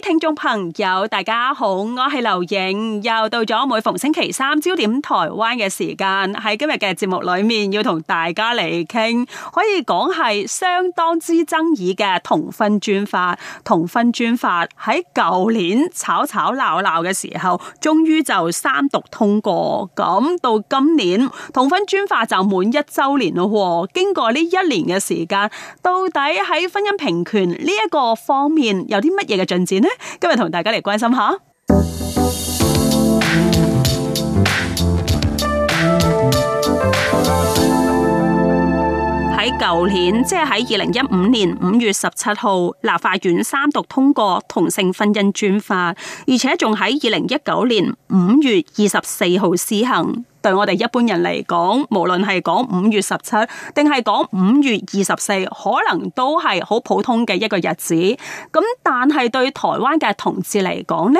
聽眾朋友，大家好，我係劉影，又到咗每逢星期三焦點台灣嘅時間。喺今日嘅節目裏面，要同大家嚟傾，可以講係相當之爭議嘅同婚專法。同婚專法喺舊年吵吵鬧鬧嘅時候，終於就三讀通過。咁到今年同婚專法就滿一周年啦。經過呢一年嘅時間，到底喺婚姻平權呢一個方面有啲乜嘢嘅進展呢？今日同大家嚟關心下，喺舊年，即係喺二零一九年五月十七號，立法院三讀通過同性婚姻專法，而且仲喺二零一九年五月二十四號施行。對我哋一般人嚟講，無論係講五月十七，定係講五月二十四，可能都係好普通嘅一個日子。咁但係對台灣嘅同志嚟講呢，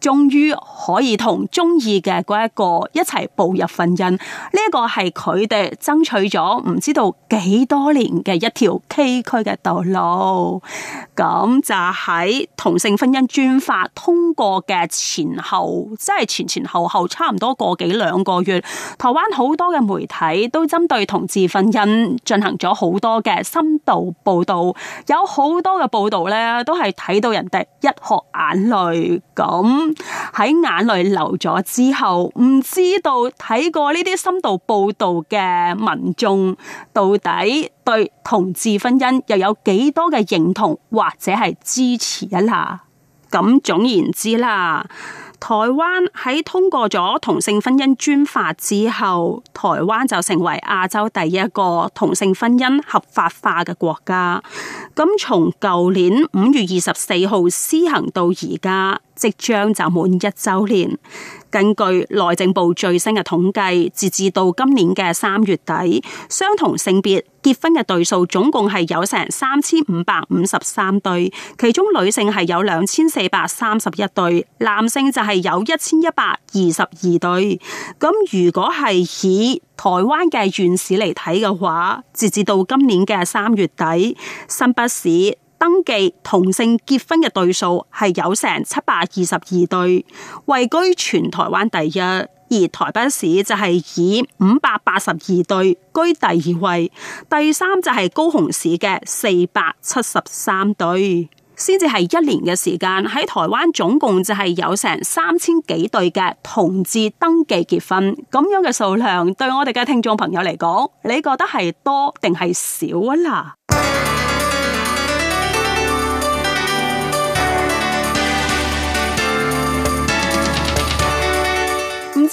終於可以同鍾意嘅嗰一個一齊步入婚姻，呢一個係佢哋爭取咗唔知道幾多年嘅一條崎嶇嘅道路。咁就喺同性婚姻專法通過嘅前後，即係前前後後差唔多過幾兩個月，台灣好多嘅媒體都針對同志婚姻進行咗好多嘅深度報導，有好多嘅報導呢，都係睇到人哋一殼眼淚咁。喺眼淚流咗之後，唔知道睇過呢啲深度報道嘅民眾到底對同志婚姻又有幾多嘅認同或者係支持一下？咁、嗯、總言之啦，台灣喺通過咗同性婚姻專法之後，台灣就成為亞洲第一個同性婚姻合法化嘅國家。咁從舊年五月二十四號施行到而家。即將就滿一周年。根據內政部最新嘅統計，截至到今年嘅三月底，相同性別結婚嘅對數總共係有成三千五百五十三對，其中女性係有兩千四百三十一對，男性就係有一千一百二十二對。咁如果係以台灣嘅縣市嚟睇嘅話，截至到今年嘅三月底，新北市。登記同性結婚嘅對數係有成七百二十二對，位居全台灣第一；而台北市就係以五百八十二對居第二位，第三就係高雄市嘅四百七十三對。先至係一年嘅時間喺台灣總共就係有成三千幾對嘅同志登記結婚，咁樣嘅數量對我哋嘅聽眾朋友嚟講，你覺得係多定係少啊啦？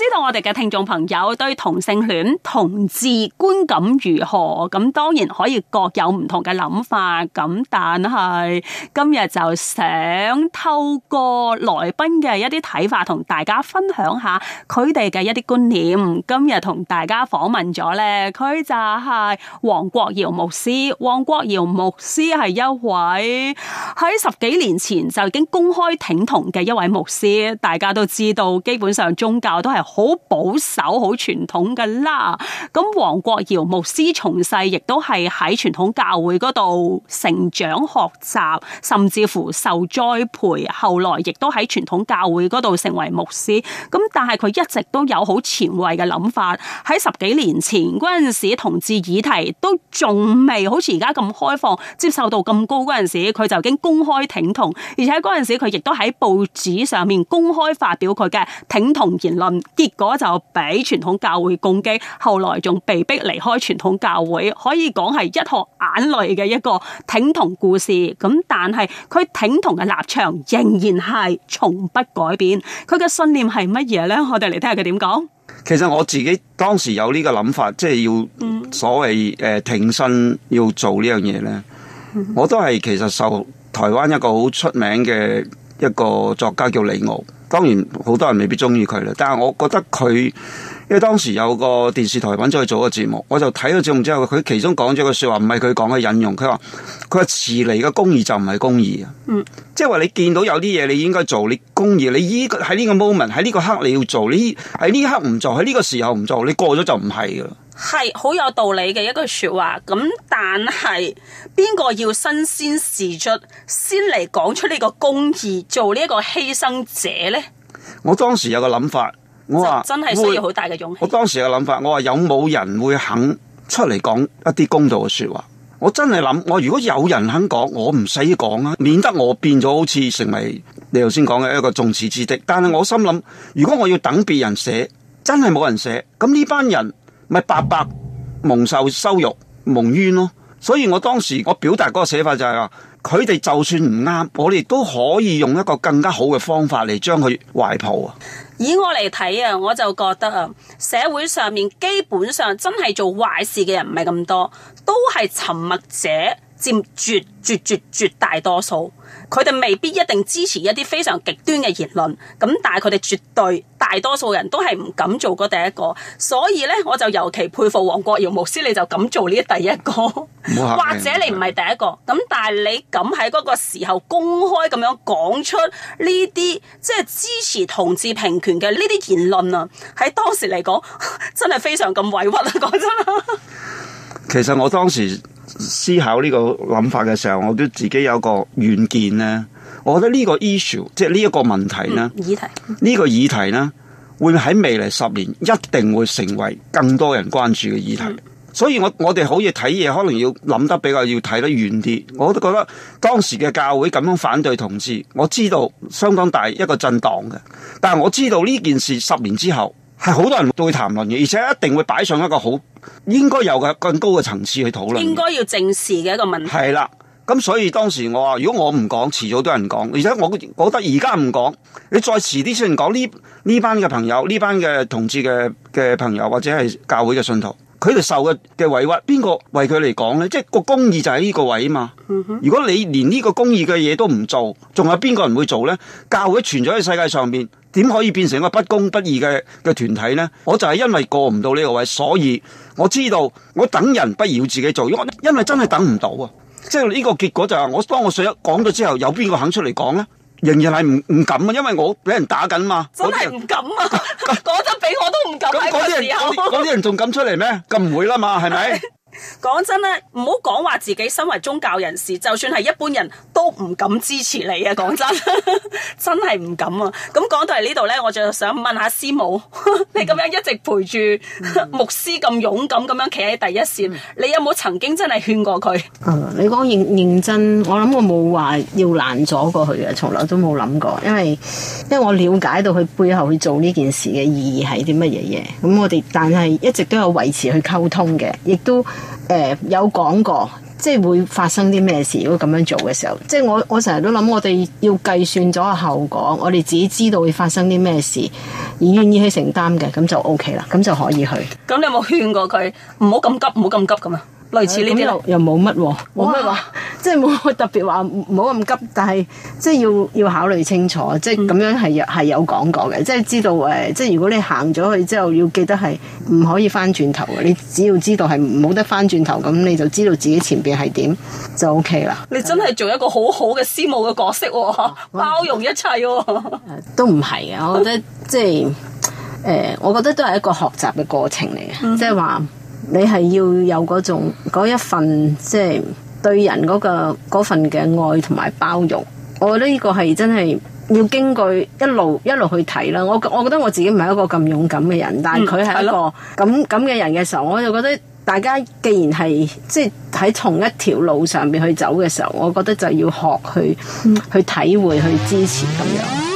知道我哋嘅聽眾朋友對同性戀同志觀感如何？咁當然可以各有唔同嘅諗法。咁但係今日就想透過來賓嘅一啲睇法，同大家分享下佢哋嘅一啲觀念。今日同大家訪問咗咧，佢就係王國堯牧師。王國堯牧師係一位喺十幾年前就已經公開挺同嘅一位牧師。大家都知道，基本上宗教都係。好保守、好傳統噶啦。咁黃國堯牧師從細亦都係喺傳統教會嗰度成長學習，甚至乎受栽培。後來亦都喺傳統教會嗰度成為牧師，咁但係，佢一直都有好前衛嘅諗法。喺十幾年前嗰陣時，同志議題都仲未好似而家咁開放，接受到咁高嗰陣時，佢就已經公開挺同。而且嗰陣時佢亦都喺報紙上面公開發表佢嘅挺同言論。結果就俾傳統教會攻擊，後來仲被逼離開傳統教會，可以講係一殼眼淚嘅一個挺同故事。咁但係佢挺同嘅立場仍然係從不改變，佢嘅信念係乜嘢咧？我哋嚟聽下佢點講。其實我自己當時有呢個諗法，即係要所謂誒挺身要做呢樣嘢咧，我都係其實受台灣一個好出名嘅一個作家叫李敖。當然好多人未必中意佢啦，但係我覺得佢，因為當時有個電視台搵咗佢做個節目，我就睇咗節目之後，佢其中講咗個說話唔係佢講嘅引用。佢話佢話遲嚟嘅公義就唔係公義啊，即係話你見到有啲嘢你應該做，你公義你依個喺呢個 moment 喺呢個刻你要做，你喺呢刻唔做，喺呢個時候唔做，你過咗就唔係噶。係好有道理嘅一句說話，咁但係邊個要身先士卒先嚟講出呢個公義，做呢一個犧牲者呢？我當時有個諗法，我話真係需要好大嘅勇氣。我當時有個諗法，我話有冇人會肯出嚟講一啲公道嘅說話？我真係諗，我如果有人肯講，我唔使講啊，免得我變咗好似成為你頭先講嘅一個眾矢之的。但係我心諗，如果我要等別人寫，真係冇人寫，咁呢班人。咪白白蒙受羞辱、蒙冤咯！所以我當時我表達嗰個寫法就係、是、話，佢哋就算唔啱，我哋都可以用一個更加好嘅方法嚟將佢懷抱啊！以我嚟睇啊，我就覺得啊，社會上面基本上真係做壞事嘅人唔係咁多，都係沉默者。佔絕絕絕絕大多數，佢哋未必一定支持一啲非常極端嘅言論，咁但係佢哋絕對大多數人都係唔敢做嗰第一個，所以呢，我就尤其佩服王國堯牧師，你就敢做呢第一個，或者你唔係第一個，咁但係你敢喺嗰個時候公開咁樣講出呢啲即係支持同志平權嘅呢啲言論啊，喺當時嚟講真係非常咁委屈啊！講真，其實我當時。思考呢個諗法嘅時候，我都自己有個遠見呢，我覺得呢個 issue，即係呢一個問題咧、嗯，議題呢個議題呢會喺未來十年一定會成為更多人關注嘅議題。嗯、所以我我哋好似睇嘢，可能要諗得比較要睇得遠啲。我都覺得當時嘅教會咁樣反對同志，我知道相當大一個震盪嘅。但係我知道呢件事十年之後。係好多人都會談論嘅，而且一定會擺上一個好應該有嘅更高嘅層次去討論。應該要正視嘅一個問題。係啦，咁所以當時我話，如果我唔講，遲早都有人講。而且我覺得而家唔講，你再遲啲先講呢，呢班嘅朋友，呢班嘅同志嘅嘅朋友，或者係教會嘅信徒。佢哋受嘅嘅委屈，邊個為佢嚟講呢？即係個公義就喺呢個位啊嘛。如果你連呢個公義嘅嘢都唔做，仲有邊個人會做呢？教會存在喺世界上面，點可以變成個不公不義嘅嘅團體呢？我就係因為過唔到呢個位，所以我知道我等人，不如自己做，因為真係等唔到啊！即係呢個結果就係、是、我當我上一講咗之後，有邊個肯出嚟講呢？仍然係唔唔敢啊，因為我俾人打緊嘛，真係唔敢啊！嗰陣俾我都唔敢那，咁嗰啲人嗰啲 人仲敢出嚟咩？咁唔會啦嘛，係咪？ 講真咧，唔好講話自己身為宗教人士，就算係一般人都唔敢支持你啊！講真， 真係唔敢啊！咁講到嚟呢度呢，我就想問下師母，嗯、 你咁樣一直陪住牧師咁勇敢咁樣企喺第一線，嗯、你有冇曾經真係勸過佢，嗯？你講認認真，我諗我冇話要難咗過去嘅，從來都冇諗過，因為因為我了解到佢背後去做呢件事嘅意義係啲乜嘢嘢，咁我哋但係一直都有維持去溝通嘅，亦都。誒、呃，有講過，即係會發生啲咩事？如果咁樣做嘅時候，即係我我成日都諗，我哋要計算咗後果，我哋自己知道會發生啲咩事，而願意去承擔嘅，咁就 O K 啦，咁就可以去。咁你有冇勸過佢唔好咁急，唔好咁急咁啊？類似呢啲、啊、又冇乜喎，冇乜話。哇即係冇特別話唔好咁急，但係即係要要考慮清楚，即係咁樣係係有講過嘅、嗯，即係知道誒，即係如果你行咗去之後，要記得係唔可以翻轉頭嘅。你只要知道係冇得翻轉頭，咁你就知道自己前邊係點就 OK 啦。你真係做一個好好嘅師母嘅角色、哦，我包容一切、哦呃。都唔係嘅，我覺得即係誒、呃，我覺得都係一個學習嘅過程嚟嘅、嗯，即係話你係要有嗰種嗰一份即係。對人嗰個嗰份嘅愛同埋包容，我覺得呢個係真係要經過一路一路去睇啦。我我覺得我自己唔係一個咁勇敢嘅人，但係佢係一個咁咁嘅人嘅時候，我就覺得大家既然係即係喺同一條路上面去走嘅時候，我覺得就要學去、嗯、去體會去支持咁樣。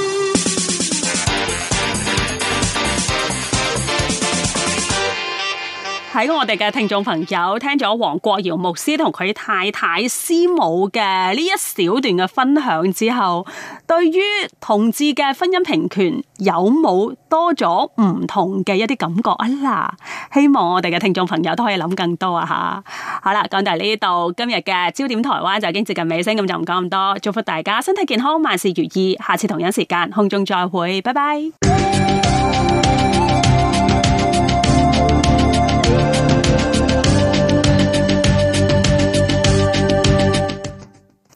睇我哋嘅聽眾朋友聽咗黃國堯牧師同佢太太師母嘅呢一小段嘅分享之後，對於同志嘅婚姻平權有冇多咗唔同嘅一啲感覺啊啦？希望我哋嘅聽眾朋友都可以諗更多啊吓！好啦，講到呢度，今日嘅焦點台灣就已經接近尾聲，咁就唔講咁多，祝福大家身體健康，萬事如意，下次同樣時間空中再會，拜拜。